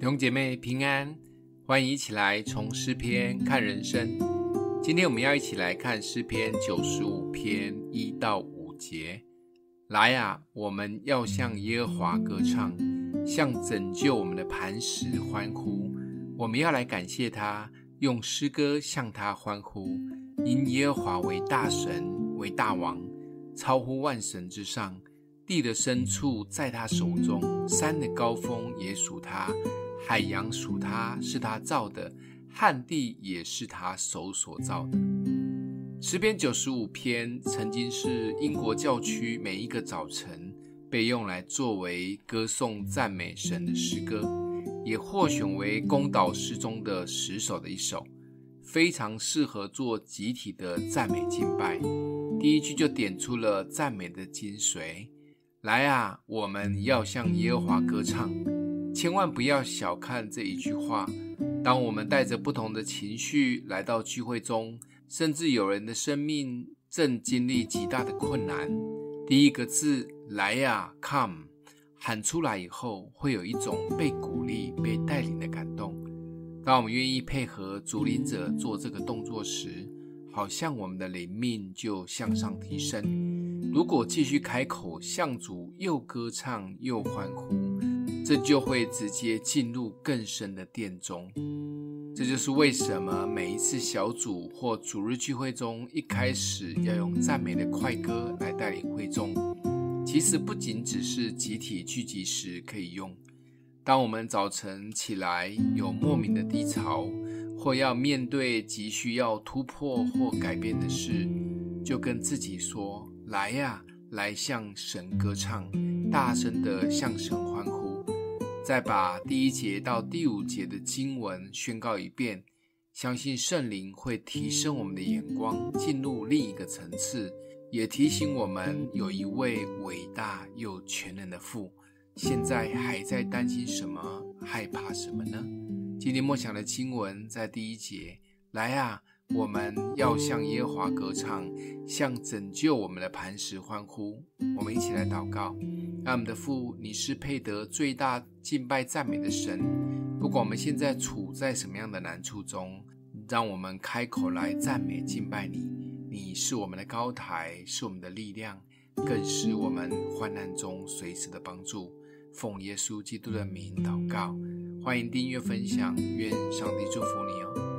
弟兄姐妹平安，歡迎一起來從詩篇看人生。今天我們要一起來看詩篇九十五篇一到五節。來啊，我們要向耶和華歌唱，向拯救我們的磐石歡呼。我們要來感謝他，用詩歌向他歡呼，因耶和華為大神，為大王，超乎萬神之上。地的深處在他手中，山的高峰也屬他。海洋屬他，是他造的；旱地也是他手所造的。詩篇九十五篇曾經是英國教區每一個早晨被用來作為歌頌讚美神的詩歌，也獲選為公禱詩中的十首的一首，非常適合做集體的讚美敬拜。第一句就點出了讚美的精髓：來啊，我們要向耶和華歌唱。千萬不要小看這一句話。當我們帶着不同的情緒來到聚會中，甚至有人的生命正經歷極大的困難，第一個字“來啊 ”（Come） 喊出來以後，會有一種被鼓勵、被帶領的感動。當我們願意配合主領者做這個動作時，好像我們的靈命就向上提升。如果繼續開口向主，又歌唱又歡呼。這就會直接進入更深的殿中。這就是為什麼每一次小組或主日聚會中，一開始要用讚美的快歌來帶領會眾。其實不僅只是集體聚集時可以用，當我們早晨起來有莫名的低潮，或要面對急需要突破或改變的事，就跟自己說：“來呀、啊，來向神歌唱，大聲的向神歡呼。”再把第一節到第五節的經文宣告一遍，相信聖靈會提升我們的眼光，進入另一個層次，也提醒我們有一位偉大又全能的父。現在還在擔心什麼，害怕什麼呢？今天默想的經文在第一節，來啊、啊。我們要向耶和華歌唱，向拯救我們的磐石歡呼。我們一起來禱告：愛我們的父，你是配得最大敬拜讚美的神。不管我們現在處在什麼樣的難處中，讓我們開口來讚美敬拜你。你是我們的高台，是我們的力量，更是我們患難中隨時的幫助。奉耶穌基督的名禱告。歡迎訂閱分享，願上帝祝福你哦。